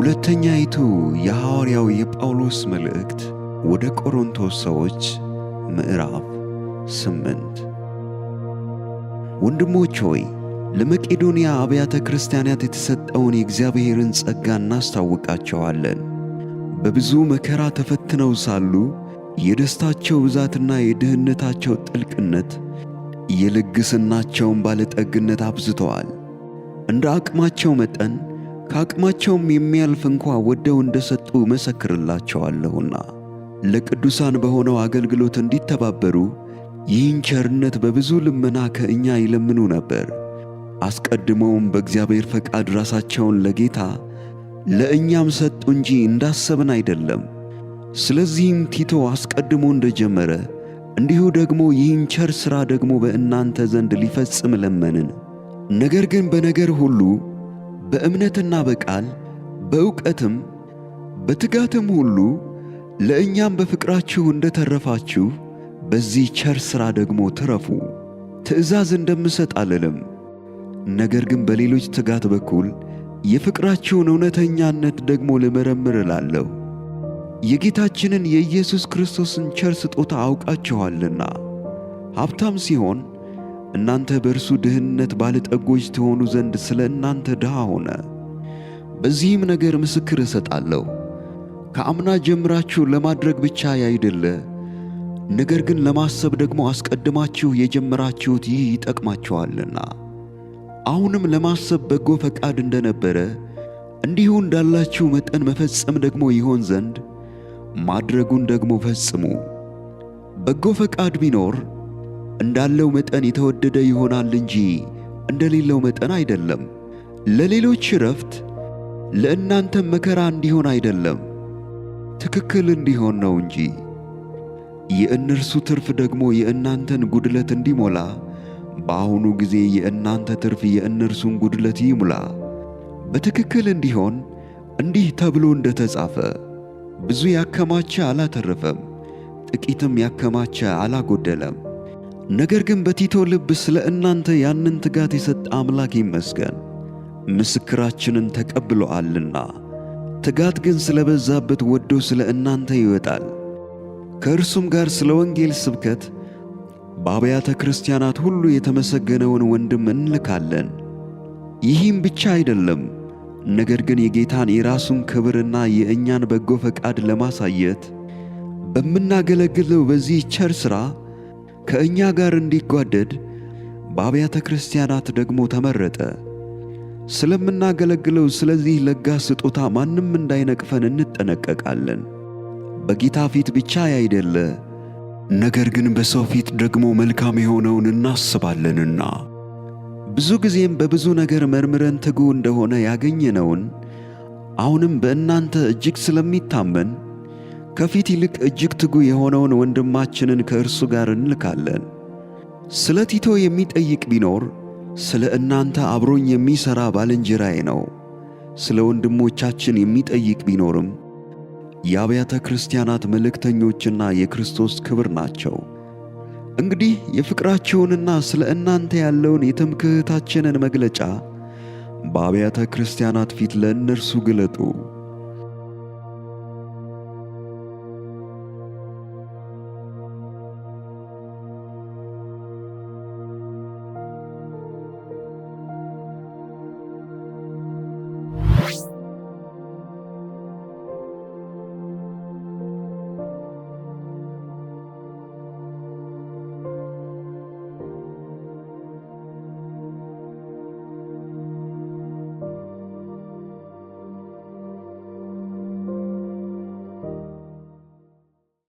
ሁለተኛይቱ የሐዋርያው የጳውሎስ መልእክት ወደ ቆሮንቶስ ሰዎች ምዕራፍ ስምንት ወንድሞች ሆይ ለመቄዶንያ አብያተ ክርስቲያናት የተሰጠውን የእግዚአብሔርን ጸጋ እናስታውቃቸዋለን። በብዙ መከራ ተፈትነው ሳሉ የደስታቸው ብዛትና የድህነታቸው ጥልቅነት የልግስናቸውን ባለጠግነት አብዝተዋል። እንደ አቅማቸው መጠን ከአቅማቸውም የሚያልፍ እንኳ ወደው እንደሰጡ መሰክርላቸዋለሁና ለቅዱሳን በሆነው አገልግሎት እንዲተባበሩ ይህን ቸርነት በብዙ ልመና ከእኛ ይለምኑ ነበር። አስቀድመውም በእግዚአብሔር ፈቃድ ራሳቸውን ለጌታ ለእኛም ሰጡ እንጂ እንዳሰብን አይደለም። ስለዚህም ቲቶ አስቀድሞ እንደጀመረ እንዲሁ ደግሞ ይህን ቸር ሥራ ደግሞ በእናንተ ዘንድ ሊፈጽም ለመንን። ነገር ግን በነገር ሁሉ በእምነትና በቃል በእውቀትም በትጋትም ሁሉ ለእኛም በፍቅራችሁ እንደተረፋችሁ በዚህ ቸር ሥራ ደግሞ ትረፉ። ትእዛዝ እንደምሰጥ አልልም፣ ነገር ግን በሌሎች ትጋት በኩል የፍቅራችሁን እውነተኛነት ደግሞ ልመረምር እላለሁ። የጌታችንን የኢየሱስ ክርስቶስን ቸር ስጦታ አውቃችኋልና ሀብታም ሲሆን እናንተ በእርሱ ድህነት ባለጠጎች ትሆኑ ዘንድ ስለ እናንተ ድሃ ሆነ። በዚህም ነገር ምስክር እሰጣለሁ፣ ከአምና ጀምራችሁ ለማድረግ ብቻ ያይደለ፣ ነገር ግን ለማሰብ ደግሞ አስቀድማችሁ የጀመራችሁት ይህ ይጠቅማችኋልና። አሁንም ለማሰብ በጎ ፈቃድ እንደነበረ እንዲሁ እንዳላችሁ መጠን መፈጸም ደግሞ ይሆን ዘንድ ማድረጉን ደግሞ ፈጽሙ። በጎ ፈቃድ ቢኖር እንዳለው መጠን የተወደደ ይሆናል እንጂ እንደሌለው መጠን አይደለም። ለሌሎች እረፍት ለእናንተም መከራ እንዲሆን አይደለም፣ ትክክል እንዲሆን ነው እንጂ። የእነርሱ ትርፍ ደግሞ የእናንተን ጉድለት እንዲሞላ በአሁኑ ጊዜ የእናንተ ትርፍ የእነርሱን ጉድለት ይሙላ። በትክክል እንዲሆን እንዲህ ተብሎ እንደ ተጻፈ ብዙ ያከማቸ አላተረፈም፣ ጥቂትም ያከማቸ አላጎደለም። ነገር ግን በቲቶ ልብ ስለ እናንተ ያንን ትጋት የሰጠ አምላክ ይመስገን፣ ምስክራችንን ተቀብሎአልና። ትጋት ግን ስለ በዛበት ወዶ ስለ እናንተ ይወጣል። ከእርሱም ጋር ስለ ወንጌል ስብከት በአብያተ ክርስቲያናት ሁሉ የተመሰገነውን ወንድም እንልካለን። ይህም ብቻ አይደለም፣ ነገር ግን የጌታን የራሱን ክብርና የእኛን በጎ ፈቃድ ለማሳየት በምናገለግለው በዚህ ቸር ሥራ ከእኛ ጋር እንዲጓደድ በአብያተ ክርስቲያናት ደግሞ ተመረጠ። ስለምናገለግለው ስለዚህ ለጋ ስጦታ ማንም እንዳይነቅፈን እንጠነቀቃለን። በጌታ ፊት ብቻ ያይደለ፣ ነገር ግን በሰው ፊት ደግሞ መልካም የሆነውን እናስባለንና ብዙ ጊዜም በብዙ ነገር መርምረን ትጉ እንደሆነ ያገኘነውን አሁንም በእናንተ እጅግ ስለሚታመን ከፊት ይልቅ እጅግ ትጉ የሆነውን ወንድማችንን ከእርሱ ጋር እንልካለን። ስለ ቲቶ የሚጠይቅ ቢኖር ስለ እናንተ አብሮኝ የሚሠራ ባልንጀራዬ ነው። ስለ ወንድሞቻችን የሚጠይቅ ቢኖርም የአብያተ ክርስቲያናት መልእክተኞችና የክርስቶስ ክብር ናቸው። እንግዲህ የፍቅራችሁንና ስለ እናንተ ያለውን የትምክህታችንን መግለጫ በአብያተ ክርስቲያናት ፊት ለእነርሱ ግለጡ።